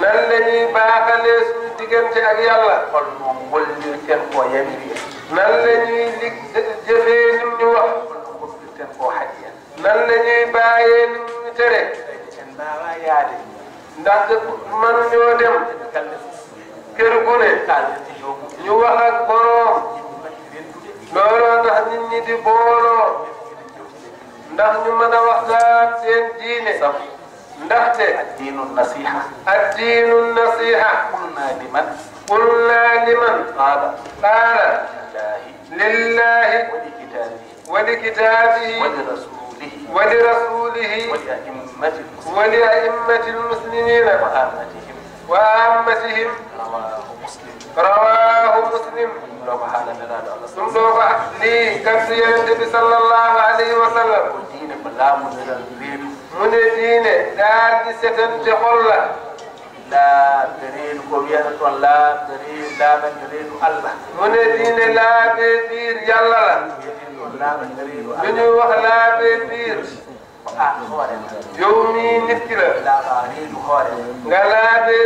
nan la ñuy baaxalee suñu diggante ak yàlla. xol moom wol li seen koo yem nan la lim ñu wax. xol wol li seen koo xaj nan la ñuy man ñoo dem. kër gu ne. wax ak boroom. looloo tax nit ñi di booloo. ndax ñu mën a waxtaan seen diine. الدين النصيحة الدين النصيحة قلنا لمن قلنا لمن قال قال لله لله ولكتابه ولرسوله ولرسوله ولأئمة المسلمين وآمتهم وآمتهم رواه مسلم رواه مسلم ثم لي كم النبي صلى الله عليه وسلم الدين مسلم رواه مسلم mu ne diine daal di setante xol la laabiriiru ko wiyata toon laabiriiru laabiriiru allah mu ne diine laabe biir yàlla la lu ñuy wax laabe biir ah, yow mii nit ki la nga laabe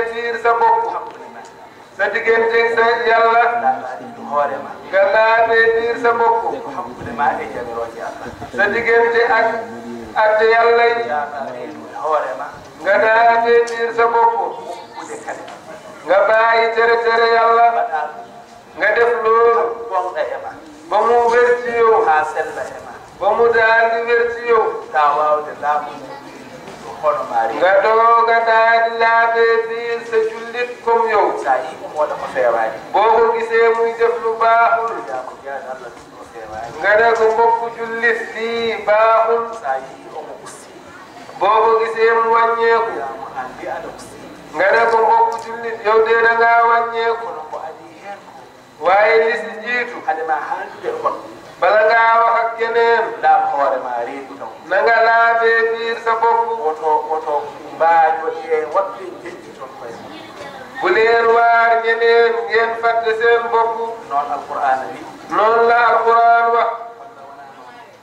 sa bopp sa diggante sa yàlla nga laabe biir sa bopp sa diggante ak adde yalla nga daatee diir sa nga bàyyi tere tere yalla nga def loolu ba mu wér ci ba mu daal di wér ci yow nga dooga daal di laabee jullit comme yow boo ko gisee muy def lu baaxul nga ne ko mbokk jullit lii baaxul. saa yi omo ussi. boo ko gisee mu wàññeeku. nga ne ko mbokk jullit yow dee da adi heeku. waaye li jiitu. ade ma haaldude kon. bala ngaa wax ak keneen. laam hoore ma reedu bu leen waar ñeneen ngeen fàtte seen bopp. noonu alquran bi. noonu la alquran wax.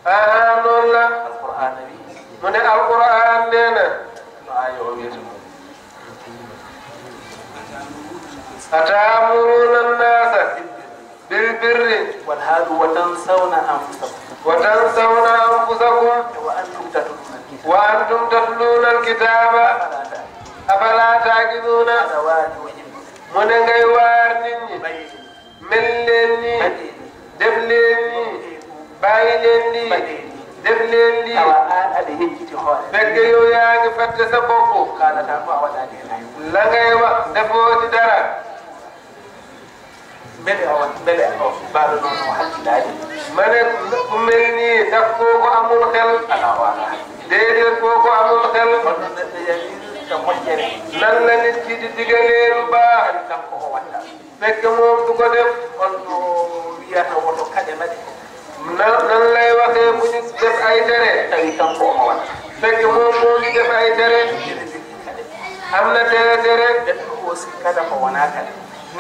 la. alquran ne alquran nee na. ataamuruna annaasa bil birri. wal haadu wa tansawna anfusakum. wa tansawna anfusakum. wa antum tatluuna mu ne ngay waar nit ñi mel leen nii def leen nii bàyyi leen nii def leen lii fekk yow yaa ngi fàtte sa bopp la ngay wax defoo ci dara. ma ne ku mel nii daf kooku amul xel. déedéet kooku amul xel. nan la nit ki di digalee lu baax fekk moom du ko def kon wiyata woto kadema de nan nan lay waxee bu ñu ay tere fekk moom moo ngi def ay tere am na tere tere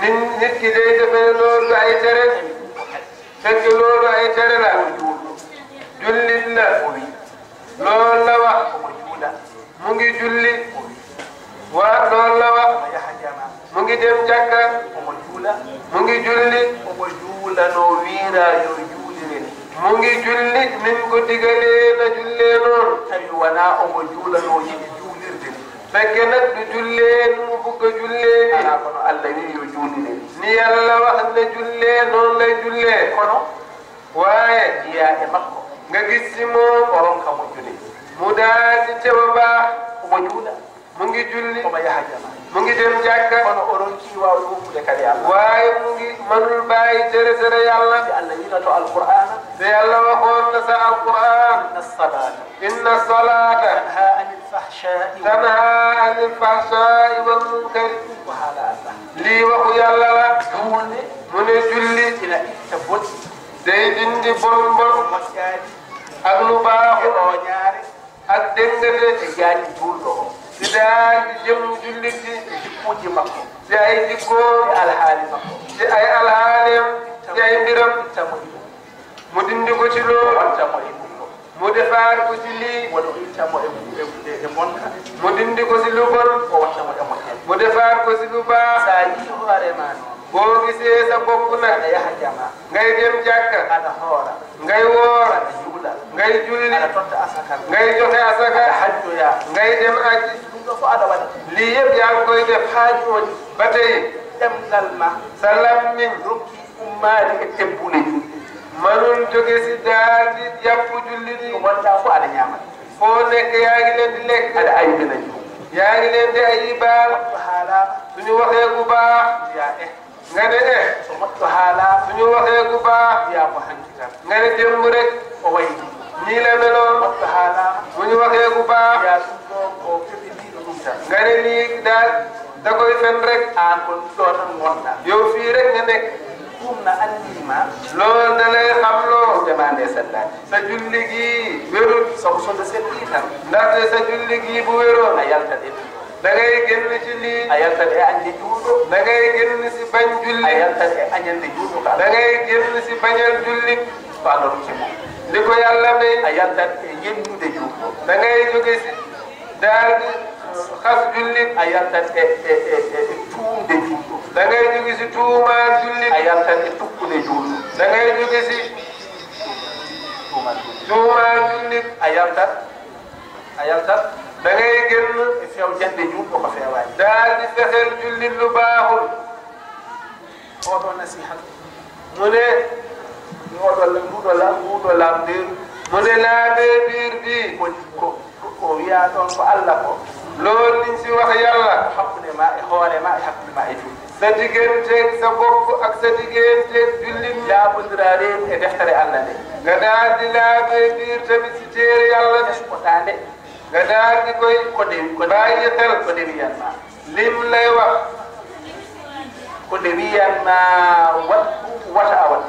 nit nit ki day defee loolu ay tere fekk loolu ay tere la jullit la loolu la wax mu ngi julli waaw loolu la wax mu ngi dem jàkka mu ngi julli mu ngi julli nin ko digalee na jullee noonu fekke nag du nu mu bugg a jullee ni yàlla wax na jullee noonu lay jullee waaye e nga gis si moom mu daal di ca ba baax mu ngi julli omo yaha jama mu ngi dem jàkka kono mu ngi manul mbawi tere tere yàlla si allah yinato alqur'ana so yàlla waxoonna sa alqur'an inna salata inna salata tanha anil fahshai tanha anil fahshai wal munkari ko haala la mu ne julli ina itta boni day dindi bon bon moƴƴaani ak lu baaxul ak ñaan di jëmlu jullit yi ci jikkuji makko si ay jikkoom alhaali makko si ay alhaaleem si ay mbiram tamoyi ɗum mo dindi ko ci loo won tamoyi ɗum ɗo mo ko ci lii wono tamo e bonka mo dindi ko si lu bon o wattamo e moƴƴe mo defaar ko si lu baa sa sa ngay dem ngay ngay julli ngay joxe asaka ngay dem aji ɗo fof aɗa waɗa ndi yeb yaa koyde haajoji batey ɗemnal ma salam min rokki ummaade e tebbude julɗi manon joge si daardi yappu julli ɗi ko gonɗa fof aɗa ñaamat fo nekke yaagilendi lekk aɗa ayibina jum yaagilendi a yibaal to haalaama suñu waxee ku baax mbiya e ngane e so moƴƴo haalaama suñu waxee ku baax mbiya ko hanki tan ngane jemmu rek o wayi nii la meloon moƴƴo haalaama suñu waxee ku nga ne lii daal da koy fen rek ah kon doo tax ngoon daal yow fii rek nga nekk na al iman loolu da lay xam loo demandé sa laaj sa julli gii wérul sa usul sa tiital ndaxte sa julli gii bu wéroon a yàlla tamit da ngay génn a yaltade aññe juuɗo. da ngay génn si julli. a yaltade aññande juuɗo ka. da ngay si bañal julli. to Allah ci moom. li ko yàlla may. a yaltade yennude juuɗo. da ngay jóge si daal xas jullit a yaltan e tuumde juulɗo da ngay jogi si tuuma jullit a yaltan e tukkude juulɗo da ngay jogi si tuuma jullit a yaltan a yaltan da ngay génn e fewjande juulɗo ko feewaani daal di fexeel jullit lu baaxul oɗo nasihat mu ne oɗo nduɗo lam nduɗo lamndir mu ne laaɓee biir bii ko ko wiyaa ɗon ko allah ko loolu liñ si wax yàlla. xamulemaa i xoolemaa i xamulemaa i julli. sa digganteeg sa bopp ak sa digganteeg jullit. laabundiraa leen e deftere Allah de. nga daal di laabee biir tamit si téere yàlla bi. des nga daal di koy. ko dewi ko dewi bàyyi xel ko dewi yan maa. lim lay wax. ko dewi yan maa wat wata awat.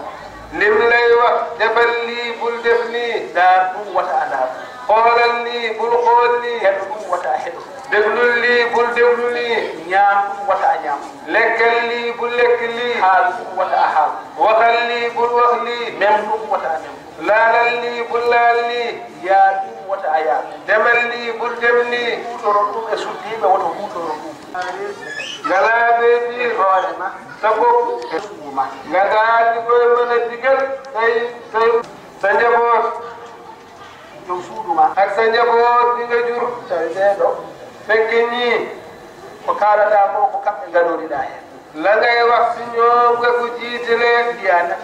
lim lay wax defal lii bul def nii. daa bum wata andaam. xoolal nii bul xool nii. kenn bum wata a xedu. déglul lii bul déglu lii. ñaam wata a ñaam. lekkal lii bul lekk lii. xaal wata a xaal. waxal lii bul wax lii. même lu wata a même. laalal lii bul laal lii. yaa du wata a yaa. demal lii bul dem lii. kuutoro tum e suddi ɓe wata kuutoro tum. ngalaaɓe biir hoore ma. sa bopp. E nga daal di koy mën a digal. say say sa njaboot. yow suudu ma. ak sa njaboot bi nga jur. tawee dee fekk ñii ko kaalaɗa ko ko kamɓe gaɗoriɗa hen lagay waktu ñoo nga ko jiitelee mbiyana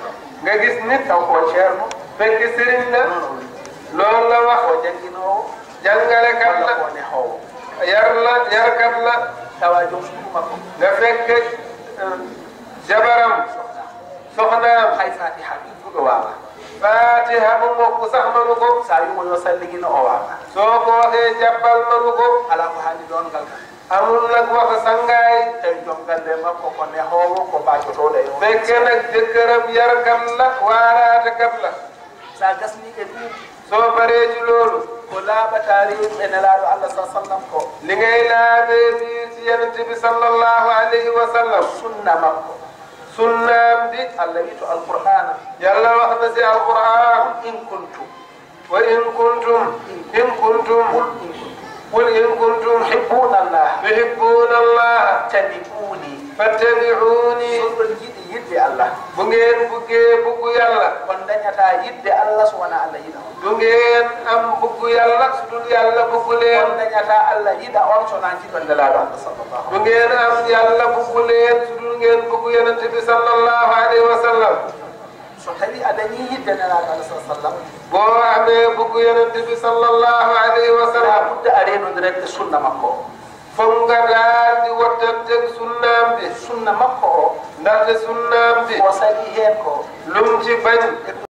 nga gis nit taw ko ceerno fekk sëriñ la loolu la wax o janginowo jàngalekat la ko ne xoowo yar la yarkat la tawa jom suuma ko nga fekk euh, jabaram soxnaam hay fatiha bi fuga waawa fatiha bu mokk sax manu ko saa yu moyo salligino o waawa soo ko waxee jabbal manu ko ala ko jongal kam amul a wafa sangaay tawi jongalde makko ko nehoowo ko baajotoɗo e fekke nag jëkkëram yar kam la waarata kam la loolu ko laaɓa tarim e nelaaɗo allah sa sallam ko li ngay laaɓe miisi yenantibi sallllahu alayhi wa sunna makko sunnamdi allah wi to alqur'ana yallah waxna si alqur'an in kuntum wa in kuntum in kuntum قل إن كنتم تحبون الله تحبون الله فاتبعوني fattabi'uni so ɗon yiɗi yiɗde allah mo ngeen bugge buggu yalla on dañata yiɗde allah so wona allah yiɗa on du ngeen am buggu yalla so ɗum yalla bugguleen on dañata allah yiɗa on sona jiɗonde laaɗo allah sallllahu du ngeen am yalla bugguleen so ɗum ngeen buggu yonente bi sallllahu alayhi wa sallam dañuy yitte nelaat ala sa sallam boo amee bëgg yonente bi sallallahu alayhi wa sallam budda areenude rek sunna makko fof nga daal di wattante sunnaam bi sunna makko o ndaxte sunnaam bi o sañi heen ko lum ci bañ